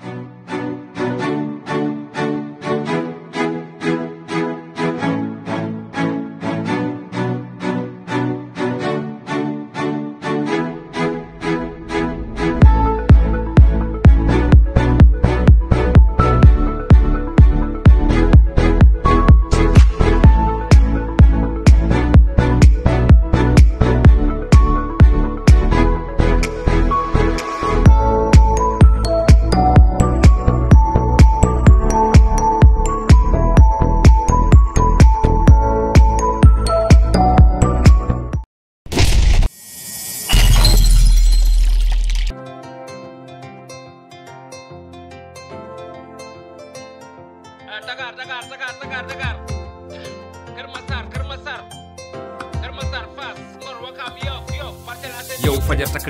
Thank you.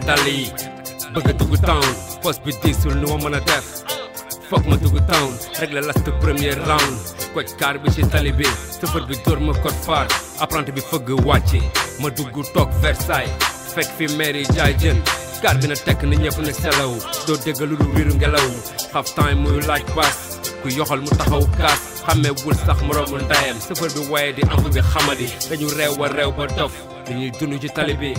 ak dàll yi bëgg a dugg town poos bi diisul nu ma mën a def foog ma dugg town rek la last premier round koj kaar bi ci tali bi sëfër bi dóor ma code far apprenti bi fëgg wàcce ma talk Versailles fekk fi Mary jaay jën kaar bi na tekk na ñëpp ne selaw doo dégg lu dul riiru half time muy like paas ku yohol mu taxaw kaas xamee wul sax moroomu ndayam sëfër bi waaye di amp bi xamadi dañu reew a reew ba dof dañuy dund ci tali bi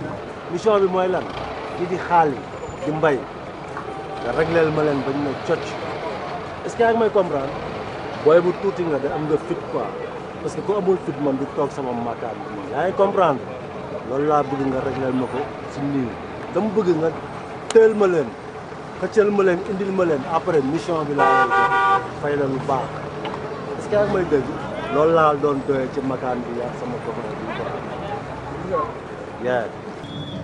mission bi mooy lan di di xaal di mbay nga régleel ma leen bañ ne cocc est-ce que may comprendre booy bu tuuti nga da am nga fit quoi parce que ku amul fit man di toog sama makaan bi yaa ngi comprendre loolu laa bëgg nga régleel ma ko si nii dama bëgg nga teel ma leen xëccal ma leen indil ma leen après mission bi laa fay la lu baax est-ce que may dégg loolu laa doon doyee ci makaan bi yaa sama copain bi quoi.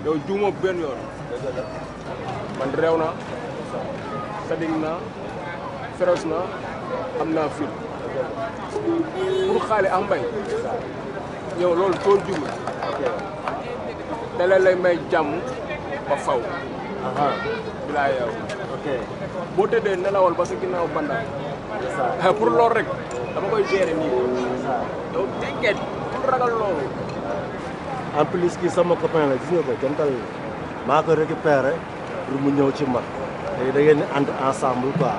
yow juumoo benn yoon man réew na sadig am na am naa fit pour xaale mbay loolu toon jugul dalee lay may jàmm ba faw aha boo tëddee nelawal ba sa ginnaaw bandal pour loolu rek dama koy gérer nii yow tënket pour ragal loolu en plus kii sama copain la si nga ko jantal maa ko récupéré pour mu ñëw ci man léegi da ngeen di ànd ensemble quoi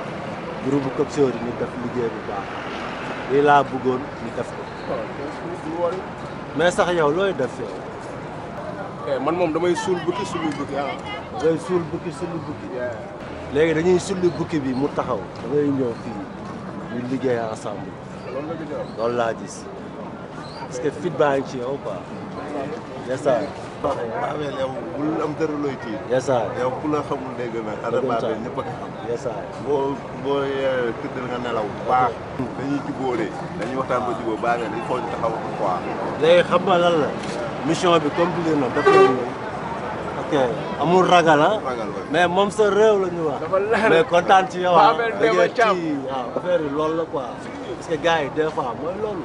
groupe Copsior yi ñu def liggéey bu baax lii laa bëggoon ñu def ko. mais sax yow looy def yow. Eh, man moom damay suul bukki suulu bukki ah. damay suul léegi dañuy sulli bukki bi mu taxaw da ñëw fii ñu liggéey ensemble. loolu laa gis. parce que fit baa ngi ci yow quoi. yasaar. baabel ah, yow bul am dara looy tiit. yasaar yow ku la xamul dégg na ada boo boo eh, tëddal nga nelaw baax. dañuy jubóole dañuy waxtaan ba jubóo baabel il faut xam nga bi compliqué na daf ok amul ragal ah. mais moom sa réew la ñu wax. kontaan ci yow ah. da ngay ci waaw yi loolu la quoi. parce yi des fois mooy loolu.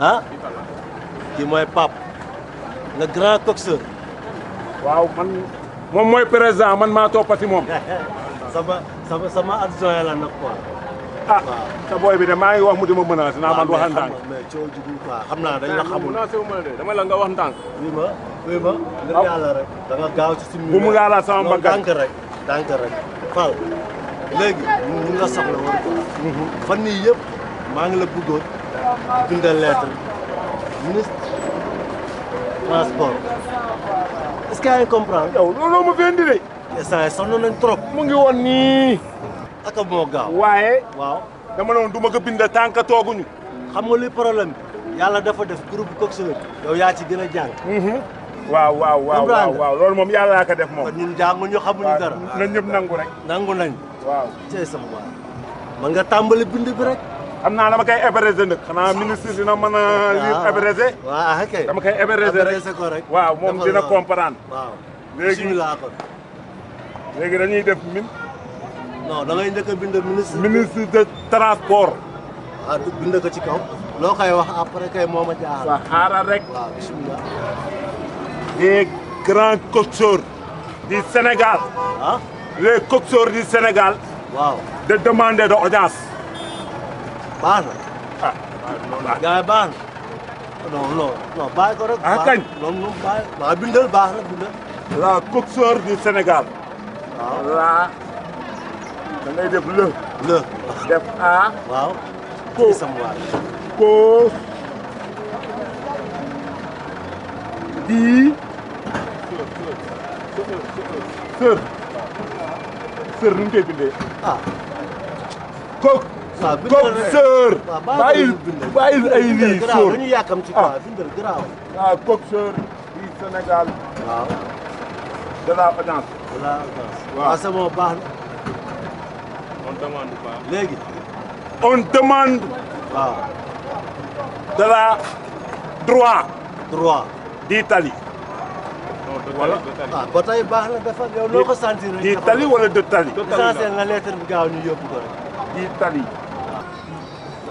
ah kii mooy Pape le grand coxeur. waaw man moom mooy président man maa toppati moom. sama sama sama la nag quoi. ah sa booy bi de maa ngi wax mu di ma menacé naa ah, man wax ndànk. mais coow jugul quoi xam naa dañ la xamul menacé dama la nga wax ndànk. oui ma oui ma ngir ah. yàlla rek. da sama mbagga ndànk rek ndànk rek. Fall léegi mu nga soxla woon mhm. fan yii yëpp maa ngi la bëggoon. bütün lettre ministre transport est-ce qu'il yaa ngi comprendre. non non, ma fi indi de. instant yii sonn nañ trop. mu ngi woon nii. ak a moo gaaw. waaye. waaw dama non woon du ma ko bindal tànk tooguñu. xam nga luy problème bi yàlla dafa def groupe coxeur. yow yaa ci gën a jàng. Mhm. waaw waaw waaw waaw waaw loolu moom yàlla def moom. kon ñun jànguñu xamuñu dara. na ñëpp nangu rek. nangu nañ. sama nga xam naa dama koy héberger nag xanaa ministre dina mën a ah. lire héberger waaw moom dina comprendre léegi léegi dañuy def min non da ngay njëkk a bind ministre de transport waaw ah, bind ko ci kaw wax après kay moom a jaar rek waaw bismillah les grands Sénégal ah? de demander de audience baax na. ah loolu gars yi baax na. non non non bàyyi ko rek. ah kañ loolu moom bàyyi waaw bindal baax na bindal. la coxeur du Sénégal. waaw la. da ngay def le. le def a. waaw. ko ko. di. sër. sër nu mu koy bindee. ah. kooku. comme sœur. ay lii sóor ah ah comme sœur moo ah, baax na. on demande pas. léegi. on demande. waaw. de la droit. droit. d'Italie. wala ah ba tey baax na dafa yow noo ko de Tali. de Tali la essentiel na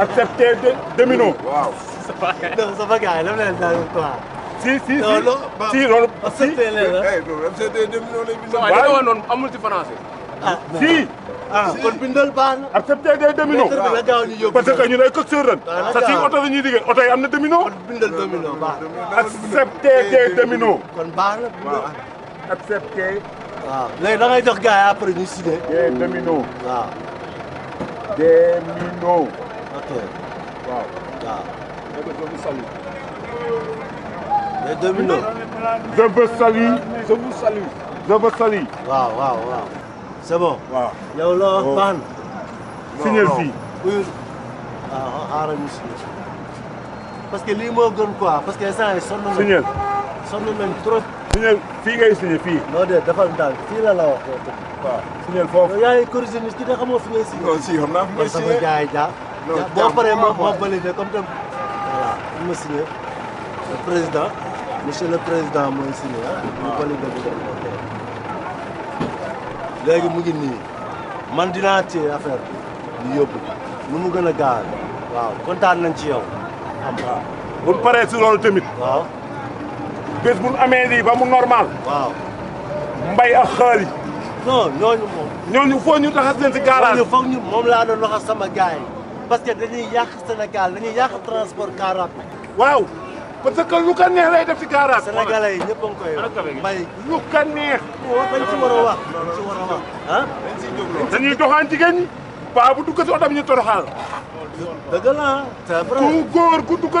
accepté domino. waaw. non loolu. accepté leen eh, waaw waaye noonu amul ci français. ah si. ah kon bindal baax na. accepté des domino. parce que ñu lay coxeur ren. waaw la si oto la ñuy liggéey na domino. kon bindal domino baax na. accepté des domino. kon baax na bindal. accepté. waaw léegi da ngay jox gars yi après ñu acteur waaw waaw dëgg je vous salue waaw waaw waaw c'est bon loo wax oh. baax na signal fii waaw xaaral ñu lii moo gën quoi parce que instant yi sonn nañ signal sonn nañ trop signal fii ngay signé fii non de dafa daal fii la ki da xamoo fi ngay signé non si xam naa fi jaay jaa boo paree ma ma validé comme que voilà bu ma signé le président monsieur le président mooy signé ah. waaw validé bi dem ok. léegi mu ngi nii man dinaa téye affaire bi yóbbu nu mu gën a gaawal. waaw kontaan nañ ci yow. am waaw bu ñu paree si loolu normal. waaw. mbay ak xaalis. non ñooñu moom. ñooñu foo ñu taxas leen si garage. ñooñu foog ñu moom laa doon wax sama parce que dañuy yàq Sénégal dañuy yàq transport car rapide. waaw parce que lu ko neex lay def ci car rapide. Sénégalais yi ñëpp a ngi koy neex. dañ ci ci war a wax ah. dañ ciy jóg dañuy paa bu dugg si oto bi ñu toroxal. dëgg la c'est vrai ku góor ku dugg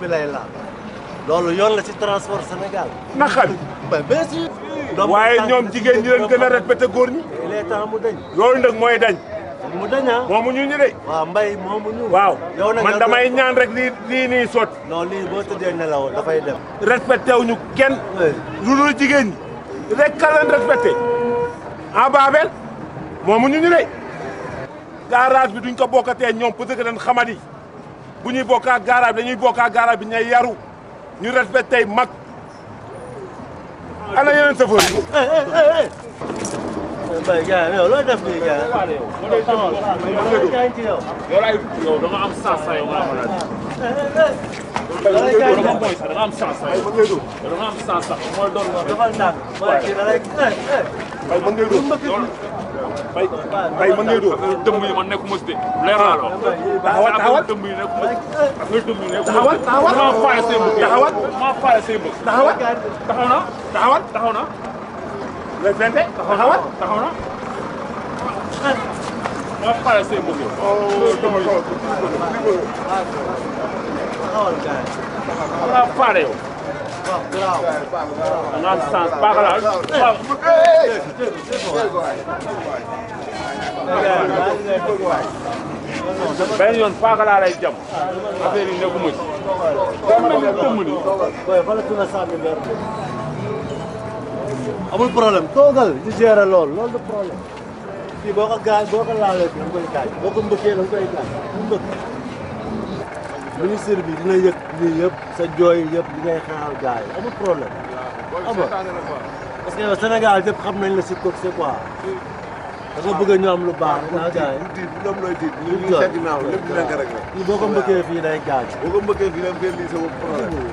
bi lay la surtout yoon la ci transport Sénégal. naqa bi. waaye ñoom jigéen ñi leen gën a respecté góor ñi. il est loolu nag mooy dañ. mu ñu ah. moomuñu ñu de. waaw mbay moomuñu. waaw man damay ñaan rek lii lii nii sot non lii boo tëddee nelaw dafay dem. respecté wuñu kenn. jigéen ñi. rek ka leen respecté. Ah, Babel moomuñu ñu de. garage bi duñ ko bokkatee ñoom parce que dañ xamadi bu ñuy bokk ak garage bi dañuy bokk bi ñay yaru ñu respecté mag. ana yeneen safar yi. Mbaye gars yi yow loo def nii gars yi. yow laay yow da nga am sens yow nga am laaj. yow da nga am sens yow da nga am sens bay bay mën ngay dóor dëmb yi man nekkuma si de leer naa la taxawal taxawal dëmb yi nekkuma si dëmb yi nekkuma si taxawal maa faale say mbëg taxawal maa faale say mbëg taxawal taxaw na taxawal taxaw na le fente taxawal taxaw na maa faale say mbëg yow oh. maa faale yow Dans ce sens, par là. benn yoon paaka laa lay jam affaire yi nekkuma ci. amul problème toogal ñu gérer loolu loolu du problème fii boo ko gaañ boo ko laalee fii da nga koy gaañ boo ko mbëkkee da nga koy gaañ bu mbëkk. ministre bi dina yëg lii yëpp sa jooy yëpp di ngay xaaral gars yi amul problème. xam nga parce que Sénégal yëpp xam nañ la si kooku c'est quoi. da nga bëgg ñu am lu baax. waaw gars di bu bu bu tiit bu rek la. boo ko mbëkkee fii day gaañ. boo ko mbëkkee fii day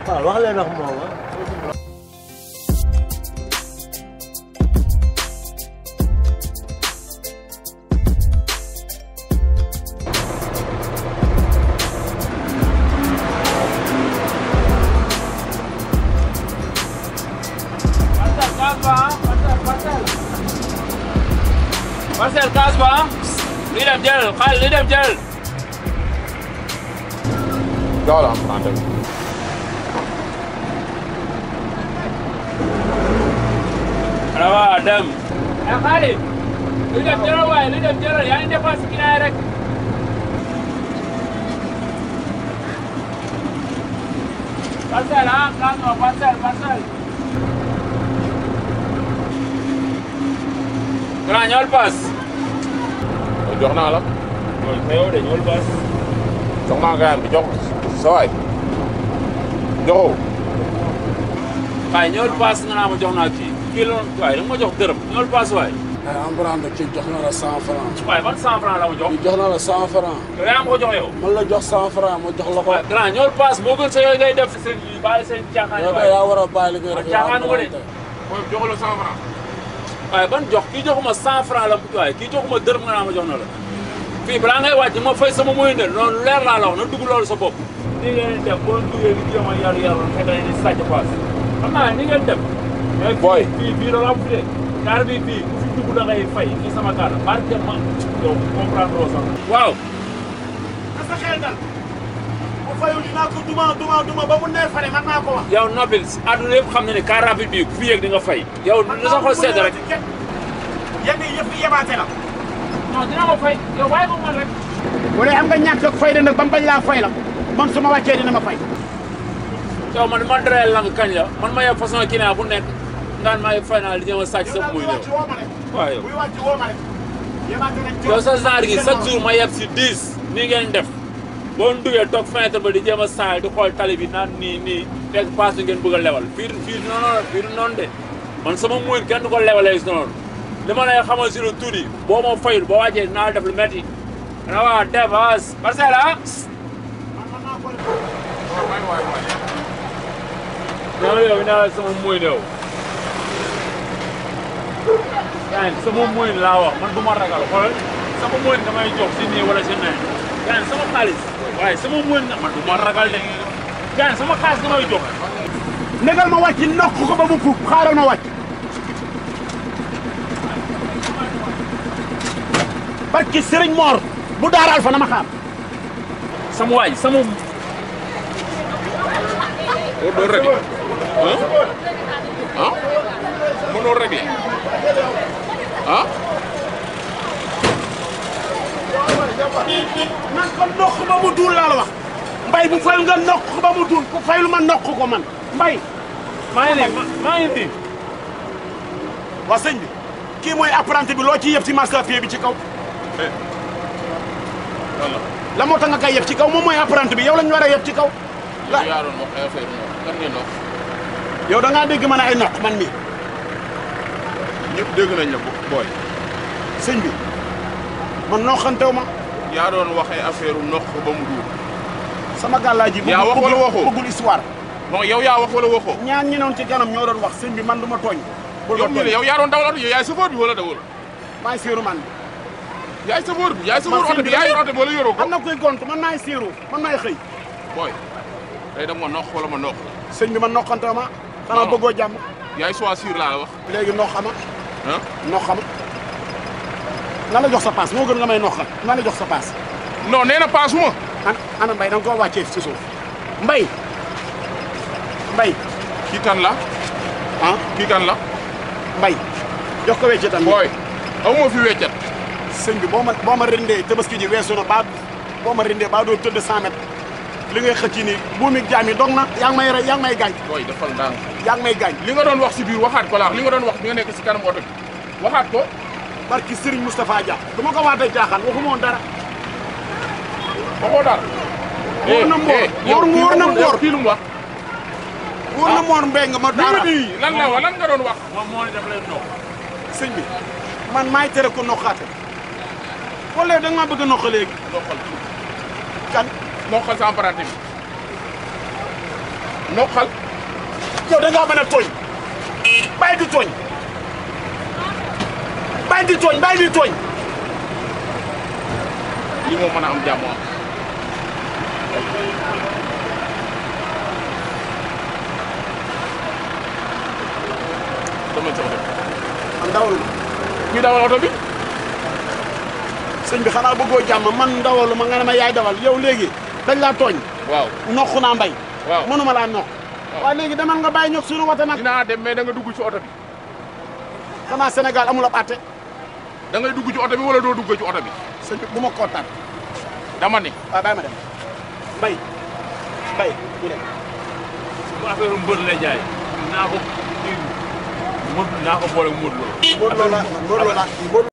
gaañ wax leen ak moom Dollar am Rawa Adam. Ya Khalid. Lu daf jarar waye, lu daf jarar, Yang ini pas kina rek. Pasal ah. ha, ah. kan pasal, pasal. Grand ñol pass. Jox naa la. Loolu teew de ñol pass. sa waay joxoo waaye ñëwal paas nga naa ma jox naa kii kii loolu waaye da nga ma jox dërëm ñëwal paas waay emprunté kii jox na la cent franc waaye man cent franc la ma jox jox na la cent franc yaa ma ko jox yow man la jox cent franc ma jox la ko grand ñëwal paas boo gën sa yooyu ngay def seen bàyyi seen caaxaan yaa war a bàyyi li ngay def caaxaan ko de mooy joxu la cent franc waaye ban jox kii joxuma cent franc la waaye kii joxuma dërëm nga naa ma jox na la fii balaa ngay wàcc ma fay sama moyen de loolu leer laa la wax na dugg loolu sa bopp ni ngeen def boo duggee di jéem a yaru yaru fekk nañ ni sàcc booy mais fii fii loolu kaar bi fii ku fi dugg da ngay fay ci sama kaar na sa xel dal bu fayu dinaa ko duma duma duma ba mu nee fare man naa ko bii fi yéeg di nga fay. yow lu sa xol sedd rek. yenn yëpp yebaate la. non dina ma fay yow bàyyi ko man rek. wala am nga ñàkk ak fay da nag ba laa fay la. man su ma wàccee ma fay. yow man ma yeb façon kii bu nekk ngaan maa ngi fay naa li sa muy ñëw waaw sa genre gi chaque jour ma yeb si 10 nii ngeen def boo duggee toog fenêtre ba di jéem a saay di xool tali bi nii nii fekk paas yu ngeen bëgg a lewal fii fii noonu fii de man sama muy kenn du ko lewalee si li ma lay xamal si lu tuuti boo ma fayul boo wàccee naa def lu métti. rawat devas Marcela Yau ina saman mai da Yan saman mai lawa man duma ragal kwal saman mai da mai job sin ne wala sin ne. Yan sama kalis. Wai saman mai da man duma ragal da. Yan sama kalis da mai job. Negal ma wacci nokku ko ba mu fu xaaral ma wacci. Barki Serigne Mor bu daaral fa na ma xaar. Sama waay sama doo doo réglé ah ah mënoo réglé ah. man ko nokk ba mu duul laa la wax mbay bu fayul nga nokk ba mu duul ku fayul ma nokk ko man mbay. maa ngi maa ngi indi. waa sëñ bi kii mooy apprenti bi loo ciy yëpp ci marchepied bi ci kaw. Eh. la moo tax nga koy yëpp ci kaw moom mooy apprenti bi yow lañu war a yëpp ci kaw. la yow da nga deg man ay natt man mi ñep deg nañ la boy señ bi man no xantew ma ya doon waxe ay affaire nox ba mu dur sama galaji ji yaa wax wala waxoo bëggul histoire bon yow ya wax wala waxo ñaan ñi non ci kanam ñoo doon wax señ bi man duma togn tooñ yow ñu yow yaa doon dawal yow yaay support bi wala dawal maay séeru man bi yaay sofóor bi yaay support on bi yaay yor oto bi wala yoroo ko am na koy gontu man maay séeru man may xey boy day dama nokh wala ma nokh sëñ bi man noqante ma. xanaa bëggoo jàmm. yaay soit sûr laa wax. léegi noqama. ah noqama. lan la jox sa paas moo gën nga may noqal lan la jox sa paas. non nee na ana Mbaye da koo wàccee ci suuf mbay Mbaye. kii kan la. ah kii kan la. mbay jox ko weccetam. booy aw fi weccet. sëñ boo ma boo ma rëndee tabaski ji weesu na baa boo ma rëndee baa doo tëdd 100 li ngay xëcc nii buumi jaam yi dog na yaa ngi may rey yaa ngi may gaañ booy defal ndànk yaa ngi may gaañ li nga doon wax si biir waxaat ko laax li nga doon wax bi nga nekk si wa oto bi waxaat ko barki Serigne Moustapha Dia dama ko waatee caaxaan waxuma woon dara waxoo dara wóor na eh, mboor eh, wóor na mboor fii lu mu na ah. mboor mbéy nga ma dara lan la wax lan nga doon wax moom moo ne daf lay noq sëñ bi man maay tere ko noqaate wala da nga ma bëgg a noqa kan noo xal sa emprunté bi noo xal yow tooñ bàyyi di tooñ bàyyi di tooñ bàyyi di tooñ li moo mën a am jàmm dama jox de am dawal kuy dawal oto bi sëñ bi xanaa bëggoo jàmm man dawal ma nga ne ma yaay dawal yow léegi dañ laa tooñ. waaw noq naa mbay. waaw mënuma laa noq. waaw léegi demal nga bàyyi ñoog suñu wote nag. dem mais da nga dugg ci oto bi. xanaa Sénégal amul ab àtte. da dugg ci oto bi wala doo dugg ci oto bi. sëñ ma kontaan. dama ah, mbay mbay ñu dem. bu affaire lay jaay naa ko kii naa ko boole Modou Lo. Modou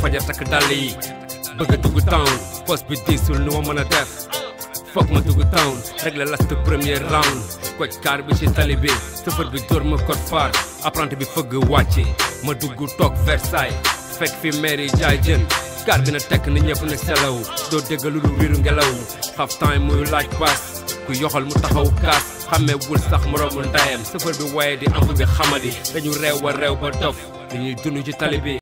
fajar tak dàll yi bëgg a dugg town post bi mana nu Fuck def foog ma premier round Kuat kar bi talibi, tali bi sëfër ma far Apran bi fëgg wachi, ma versai. toog Versailles fekk fi Mary attack kar bina tek ni tekk ni ñëpp ne selaw doo dégg lu ngelaw muy like ku yohol mu taxaw kas, xamee wul sax moroomu ndayam sëfër bi waaye di amp bi xamadi dañu reew wa ba dof dunu ci tali